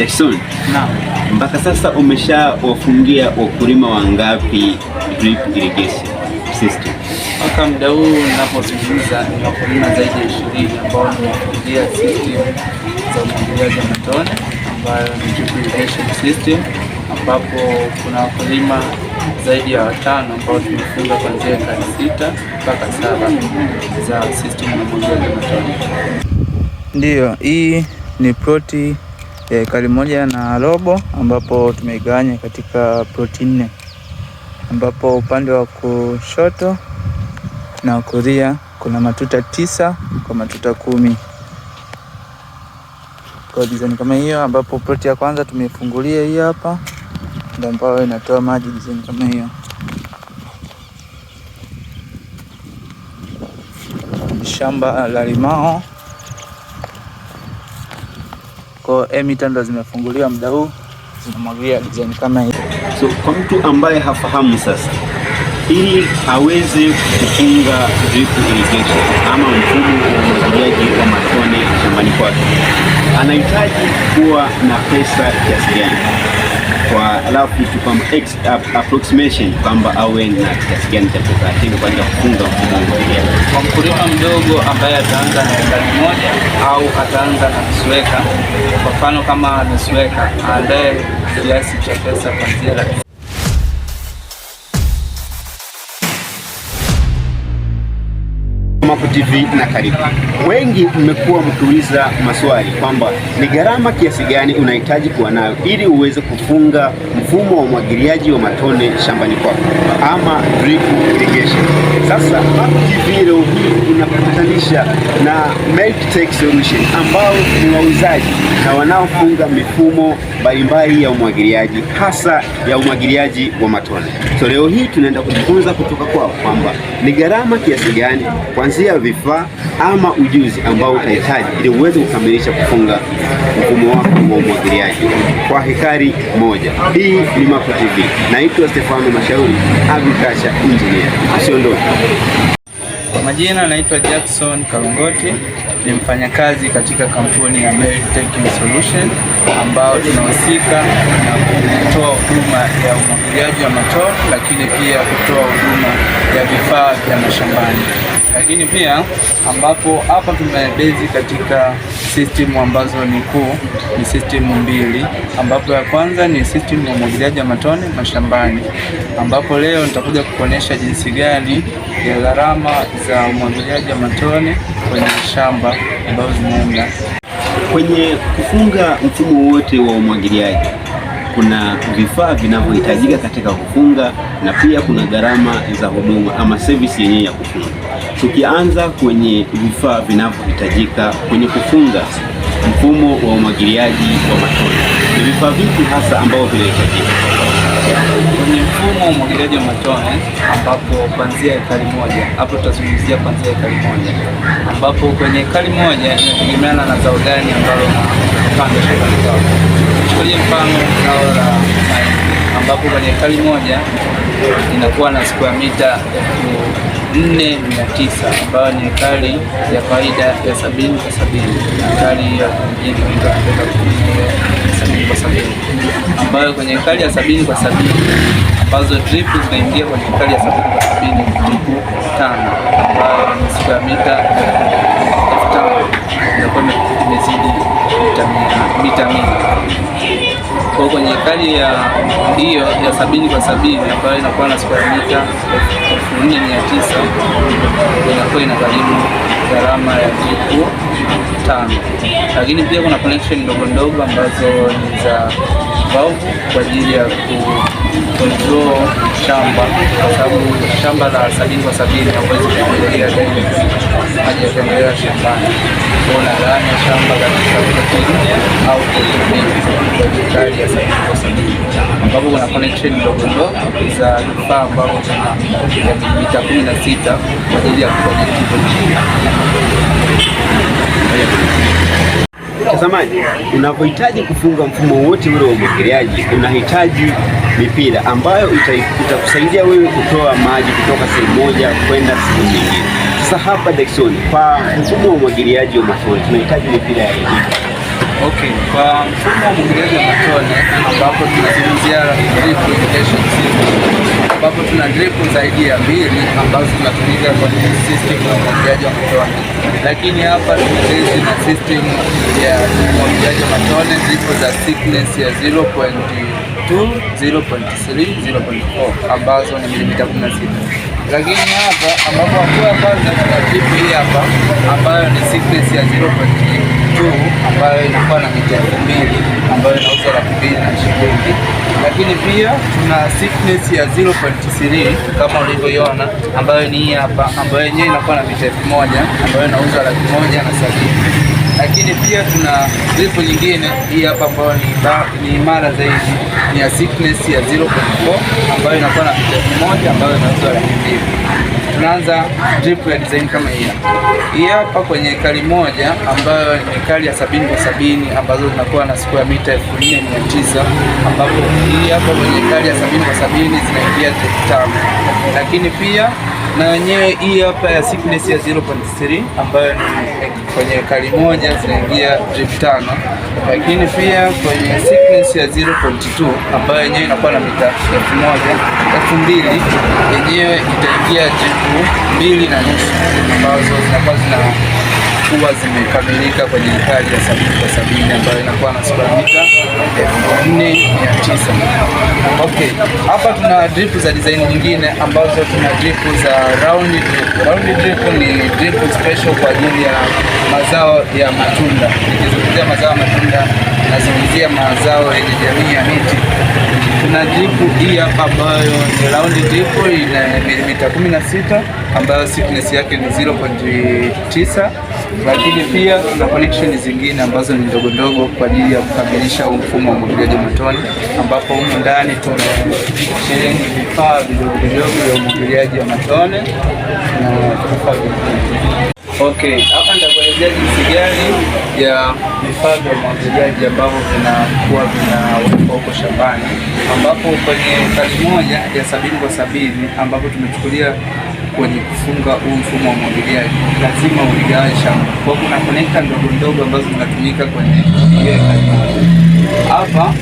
Jackson, mpaka sasa umeshawafungia wakulima wangapi drip irrigation system? Mpaka muda huu ninapozungumza ni wakulima zaidi ya ishirini ambao wamefungia system za umwagiliaji wa matone ambayo ni drip irrigation system, ambapo kuna wakulima zaidi ya watano ambao tumefunga kuanzia ekari sita mpaka saba za system ya umwagiliaji wa matone. Ndiyo, hii ni proti ya e, ekari moja na robo ambapo tumeigawanya katika ploti nne ambapo upande wa kushoto na kulia kuna matuta tisa kwa matuta kumi kwa dizaini kama hiyo, ambapo ploti ya kwanza tumeifungulia hii hapa, ndio ambayo inatoa maji dizaini kama hiyo. Shamba la limao kwa hiyo emita eh, ndo zimefunguliwa muda huu zinamwagilia design kama hii. So kwa mtu ambaye hafahamu sasa, ili aweze kufunga drip irrigation ama mfumo wa umwagiliaji wa matone shambani kwake, anahitaji kuwa na pesa kiasi gani? kwa alafu kitu ex approximation kwamba awe na kiasi gani cha pesa, lakini kwanza kufunga mfumo mwenyewe kwa mkulima mdogo ambaye ataanza na ekari moja au ataanza na misweka. Kwa mfano kama misweka aandae kiasi cha pesa kuanzia Mamaco TV na karibu. Wengi mmekuwa mkiuliza maswali kwamba ni gharama kiasi gani unahitaji kuwa nayo ili uweze kufunga mfumo wa umwagiliaji wa matone shambani kwako ama drip irrigation. Sasa Mamaco TV leo hii tunakutanisha na Meltech Solution ambao ni wauzaji na wanaofunga mifumo mbalimbali ya umwagiliaji hasa ya umwagiliaji wa matone. So leo hii tunaenda kujifunza kutoka kwao kwamba ni gharama kiasi gani kwanza kuanzia vifaa ama ujuzi ambao utahitaji ili uweze kukamilisha kufunga mfumo wako wa umwagiliaji kwa hekari moja. Hii ni Maco TV, naitwa Stefano Mashauri, agriculture engineer. Usiondoke. Kwa majina naitwa Jackson Kalongoti, ni mfanyakazi katika kampuni ya Technical Solution ambao tunahusika na kutoa huduma ya umwagiliaji wa matone, lakini pia kutoa huduma ya vifaa vya mashambani lakini pia ambapo hapa tumebezi katika system ambazo ni kuu ni system mbili, ambapo ya kwanza ni system ya umwagiliaji wa matone mashambani, ambapo leo nitakuja kukuonyesha jinsi gani ya gharama za umwagiliaji wa matone kwenye shamba ambazo zinaenda kwenye kufunga mfumo wote wa umwagiliaji kuna vifaa vinavyohitajika katika kufunga na pia kuna gharama za huduma ama service yenyewe ya kufunga. Tukianza kwenye vifaa vinavyohitajika kwenye kufunga mfumo wa umwagiliaji wa matone, ni vifaa vipi hasa ambavyo vinahitajika kwenye mfumo wa umwagiliaji wa matone? Ambapo kuanzia ekari moja hapo, tutazungumzia kuanzia ekari moja ambapo kwenye ekari moja inategemeana na zao gani ambalo napanda shambani kwako. Kwenye mfano zao la ambapo kwenye ekari moja inakuwa na square mita elfu tisa ambayo ni ekari ya kawaida ya sabini kwa sabini ekari ya mjini sabini kwa sabini ambayo kwenye ekari ya sabini kwa sabini ambazo drip zinaingia kwenye hekari ya sabini kwa sabini dripu tano ambayo ni ya mita elfu tano inakuwa imezidi mita mia kwa kwenye kali ya hiyo ya sabini kwa sabini ambayo inakuwa na square mita elfu nne mia tisa inakuwa ina gharimu gharama ya siku tano, lakini pia kuna connection ndogo ndogo ambazo ni za valve kwa ajili ya kukontrol shamba, kwa sababu shamba la sabini kwa sabini hauwezi kuendelea ndani maji yakaendelea shambani, unagawanya shamba kwa kabisa au kali ya sabini kwa sabini ambapo kuna connection ndogo ndogo za vifaa ambavyo vina milimita kumi na sita kwa ajili ya kukonekti Mtazamaji, unapohitaji kufunga mfumo wote ule wa umwagiliaji, unahitaji mipira ambayo itakusaidia wewe kutoa maji kutoka sehemu moja kwenda sehemu nyingine. Sasa hapa Dexon, kwa mfumo wa umwagiliaji wa matone tunahitaji mipira ya Okay, kwa mfumo wa umwagiliaji wa matone ambapo tunazungumzia drip irrigation system ambapo tuna drip zaidi ya mbili ambazo zinatumika kwenye system ya umwagiliaji wa matone, lakini hapa tumejezi na system ya umwagiliaji wa matone zipo za thickness ya 0.2, 0.3, 0.4 ambazo ni milimita 16 lakini hapa ambapo hatua ya kwanza tuna drip hii hapa ambayo ni thickness ya 0.2 juu ambayo inakuwa na mita elfu mbili ambayo inauzwa laki mbili na shilingi, lakini pia tuna thickness ya 0.3 kama ulivyoiona, ambayo ni hii hapa, ambayo yenyewe inakuwa na mita elfu moja ambayo inauzwa laki moja na sabini lakini pia tuna dripu nyingine hii hapa ambayo ni imara zaidi, ni ya thickness ya 0.4 ambayo inakuwa na mita elfu moja ambayo inauzwa laki mbili tunaanza drip ya design kama hii hii hapa kwenye kali moja ambayo ni kali ya sabini kwa sabini ambazo zinakuwa na square mita elfu nne mia tisa ambapo hii hapa kwenye kali ya sabini kwa sabini zinaingia drip tano, lakini pia na wenyewe hii hapa ya thickness ya 0.3 ambayo ni eh, kwenye kali moja zinaingia drip tano, lakini pia kwenye thickness ya 0.2 ambayo yenyewe inakuwa na mita elfu moja elfu mbili yenyewe itaingia drip mbili na nusu ambazo zinakuwa zina kuwa zimekamilika kwenye ekari ya sabini kwa sabini ambayo inakuwa na square mita elfu eh, nne mia tisa. Okay, hapa tuna drip za design nyingine ambazo tuna drip za round drip. Round drip ni drip special kwa ajili ya mazao ya matunda. Nikizungumzia mazao ya matunda, nazungumzia mazao yenye jamii ya miti. na drip hii hapa ambayo ni round drip, ina milimita 16 ambayo thickness yake ni 0.9 lakini pia kuna connection zingine ambazo ni ndogo ndogo kwa ajili ya kukamilisha huu mfumo wa umwagiliaji matone, ambapo humu ndani tumesheheni vifaa vidogo vidogo vya umwagiliaji wa matone na vifaa vingine. Okay, hapa nitakuelezea jinsi gani ya vifaa vya umwagiliaji ambavyo vinakuwa vinawekwa huko shambani, ambapo kwenye kali moja ya sabini kwa sabini ambapo tumechukulia kwenye kufunga huu mfumo wa umwagiliaji, lazima uligawe shamba kwa kuna konekta ndogo ndogo ambazo zinatumika kwenye hiyo. Hapa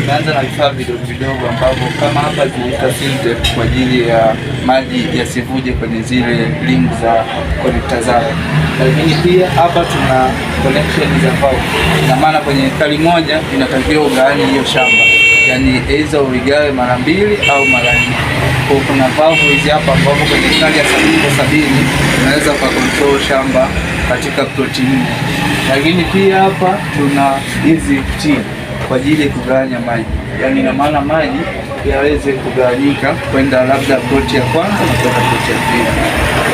Tunaanza na vifaa vidogo vidogo ambavyo kama hapa zinaita filter kwa ajili ya maji yasivuje kwenye zile limu za konekta zao, lakini pia hapa tuna connection za pau, ina maana kwenye ekari moja inatakiwa ugawani hiyo shamba, yani aidha uligawe mara mbili au mara nne kuna valve hizi hapa ambapo kwenye kali ya sabini kwa sabini unaweza control shamba katika ploti nne, lakini pia hapa tuna hizi t kwa ajili ya kugawanya maji, yaani ina maana maji yaweze kugawanyika kwenda labda ploti ya kwanza na kwenda ploti ya pili.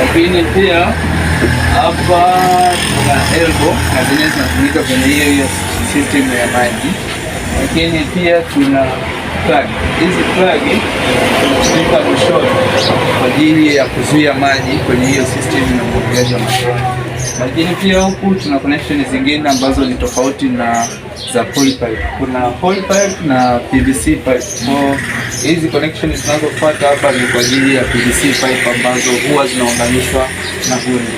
Lakini pia hapa tuna elbo na zenyewe zinatumika kwenye hiyo hiyo system ya maji, lakini pia tuna plug. Hizi plug zipo kushoto kwa ajili ya kuzuia maji kwenye hiyo system na umwagiliaji wa lakini pia huku tuna connection zingine ambazo ni tofauti na za poly pipe. Kuna poly pipe na PVC pipe. So hizi connection zinazofuata hapa ni kwa ajili ya PVC pipe ambazo huwa zinaunganishwa na gundi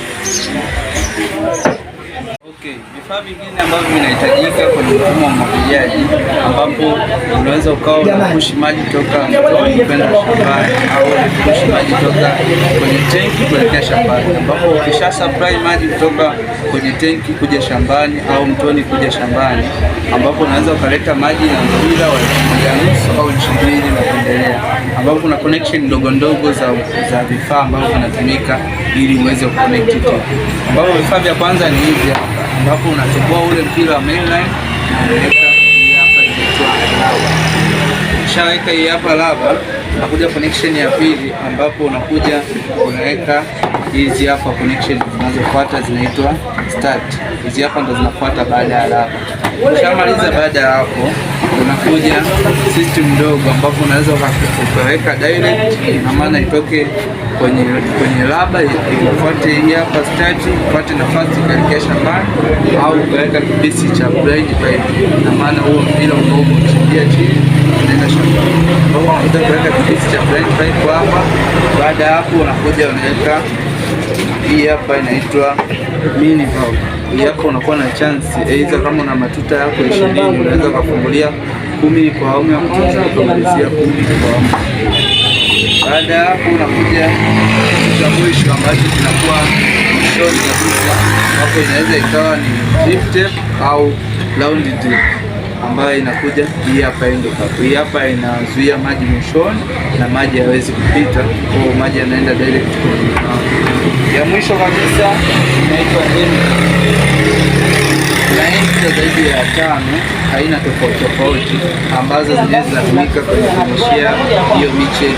vifaa vingine ambavyo vinahitajika kwenye mfumo wa umwagiliaji, ambapo unaweza ukawa unapushi maji toka mtoni kwenda shambani au unapushi maji toka kwenye tenki kuelekea shambani, ambapo ukisha supply maji kutoka kwenye tenki kuja shambani au mtoni kuja shambani, ambapo unaweza ukaleta maji ya mpira wa moja nusu au lita mbili na kuendelea, ambapo kuna connection ndogo ndogo za, za vifaa ambavyo vinatumika ili uweze kuconnect, ambapo vifaa vya kwanza ni hivya ambapo unachukua ule mpira wa mainline na unaweka hapa, inaitwa lava. Ukishaweka hii hapa lava, unakuja connection ya pili, ambapo unakuja unaweka hizi hapa connection zinazofuata zinaitwa start. Hizi hapa ndo zinafuata baada ya lava. Ukishamaliza baada ya hapo unakuja system ndogo ambapo unaweza ukaweka direct, na maana itoke kwenye kwenye laba ikufuate hii hapa stati, upate nafasi ukaelekea shambani au ukaweka kibisi cha blind pipe, na maana huo mpira unaochimbia chini unaenda shambani. Unaweza kuweka kibisi cha blind kwa hapa. Baada ya hapo, unakuja unaweka hii hapa inaitwa mini valve. Hii hapo unakuwa na chance, aidha kama una matuta yako 20 unaweza kufungulia kumi kwa awamu ya kwanza ukamalizia kumi kwa awamu baada ya hapo unakuja kitu cha mwisho ambacho kinakuwa mwishoni kabisa, hapo inaweza ikawa ni drip tape au round drip ambayo inakuja hii hapa endo kapu. Hii hapa inazuia maji mwishoni na maji hayawezi kupita, kwa maji yanaenda direct. Ya mwisho kabisa inaitwa mita zaidi ya tano aina tofauti tofauti ambazo zinaweza zinatumika kwenye kunyeshea hiyo miche ya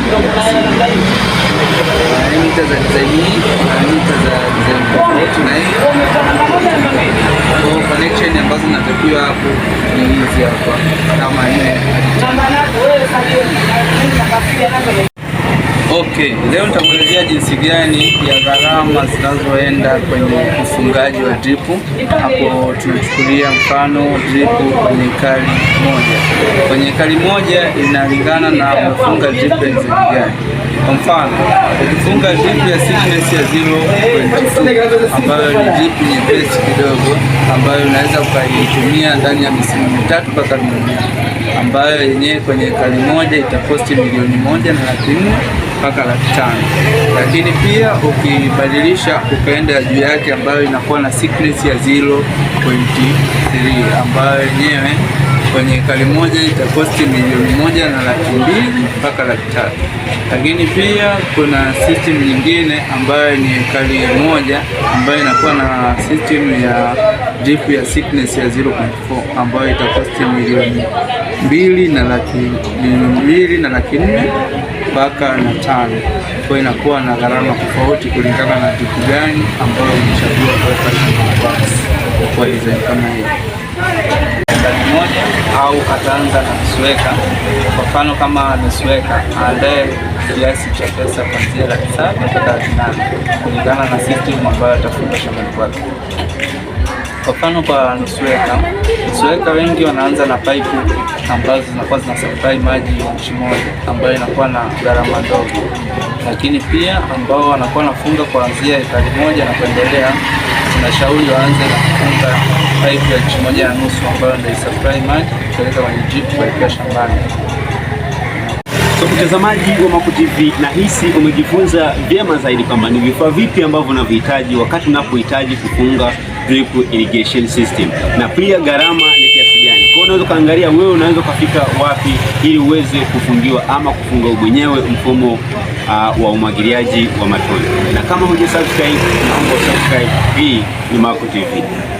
Mita za dizaini na mita za dizaini tofauti na hiyo connection ambazo zinatakiwa hapo ni hizi hapa kama nne. Okay, leo nitakuelezea jinsi gani ya gharama zinazoenda kwenye ufungaji wa dripu. Hapo tunachukulia mfano dripu kwenye ekari moja. Kwenye ekari moja inalingana na kufunga dripu ya zeni gani. Kwa mfano, ukifunga dripu ya thickness ya 0.2 ambayo ni dripu nyepesi kidogo ambayo unaweza ukaitumia ndani ya misimu mitatu mpaka minne ambayo yenyewe kwenye ekari moja itakosti milioni moja na laki nne mpaka laki tano, lakini pia ukibadilisha ukaenda juu yake ambayo inakuwa na thickness ya 0.3 ambayo yenyewe kwenye kali moja itakosti milioni moja na laki mbili mpaka laki tatu. Lakini pia kuna system nyingine ambayo ni kali moja ambayo inakuwa na system ya deep ya thickness ya 0.4 ambayo itakosti milioni mbili na laki mbili na laki nne mpaka na tano. Kwa inakuwa na gharama tofauti kulingana na juku gani ambayo umechagua kuweka shambani. Kwa hizo kama hiyo moja au ataanza na misweka. Kwa mfano kama amesweka aandae kiasi cha pesa kuanzia laki saba mpaka laki nane kulingana na system ambayo atafunga shambani kwake. Kwa mfano kwa nusuweka, nusuweka wengi wanaanza na pipe ambazo zinakuwa zina supply maji ya nchi moja ambayo inakuwa na gharama ndogo, lakini pia ambao wanakuwa nafunga kuanzia ekari moja na kuendelea, tunashauri waanze na kufunga pipe ya nchi moja na nusu ambayo ndio supply maji kupeleka kwenye jipu kuelekea shambani. So, mtazamaji wa Maco TV nahisi umejifunza vyema zaidi kwamba ni vifaa vipi ambavyo unavihitaji wakati unapohitaji kufunga drip irrigation system, na pia gharama ni kiasi gani. Kwa unaweza ukaangalia wewe unaweza ukafika wapi ili uweze kufungiwa ama kufunga mwenyewe mfumo uh, wa umwagiliaji wa matone. Na kama hujasubscribe, naomba subscribe. Hii ni Maco TV.